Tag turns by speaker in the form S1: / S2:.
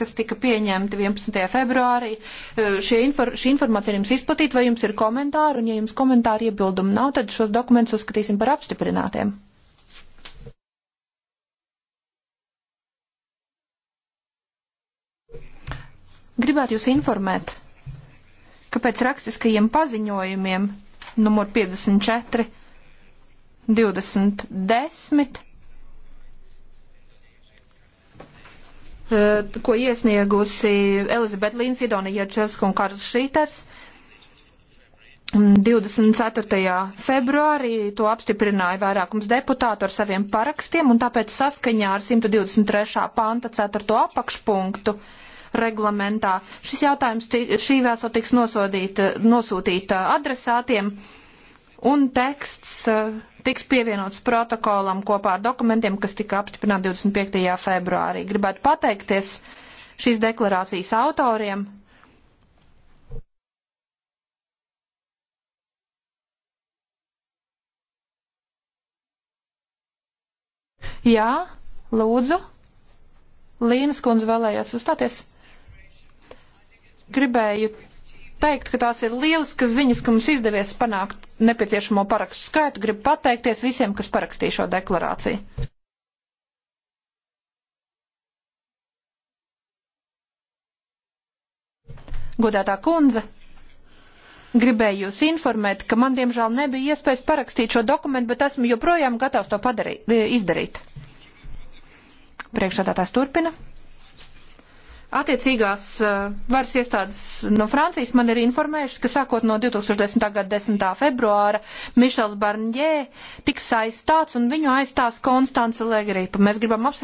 S1: kas tika pieņemti 11. februārī. Infor, šī informācija jums izplatīta, vai jums ir komentāri, un ja jums komentāri iebildumi nav, tad šos dokumentus uzskatīsim par apstiprinātiem. Gribētu jūs informēt, ka pēc rakstiskajiem paziņojumiem numur 54 2010 Eh, ko iesniegusi Elizabete Līna Sidonija Česka un Karls Šīters. 24. februārī to apstiprināja vairākums deputātu ar saviem parakstiem, un tāpēc saskaņā ar 123. panta 4. apakšpunktu reglamentā šis jautājums šī vēso tiks nosodīta, nosūtīta adresātiem, un teksts eh, tiks pievienots protokolam kopā ar dokumentiem, kas tika apstiprināti 25. februārī. Gribētu pateikties šīs deklarācijas autoriem. Jā, lūdzu. Līnas kundze vēlējās uzstāties. Gribēju teikt, ka tās ir lieliskas ziņas, ka mums izdevies panākt nepieciešamo parakstu skaitu. Gribu pateikties visiem, kas parakstīja šo deklarāciju. Godātā kundze, gribēju jūs informēt, ka man diemžēl nebija iespējas parakstīt šo dokumentu, bet esmu joprojām gatavs to padarīt, izdarīt. Priekšādātājs turpina. Attiecīgās uh, varas iestādes no Francijas man ir informējuši, ka sākot no 2010. gada 10. februāra Mišels Barņē tiks aizstāts un viņu aizstās Konstance Legrīpa. Mēs gribam apsveikt.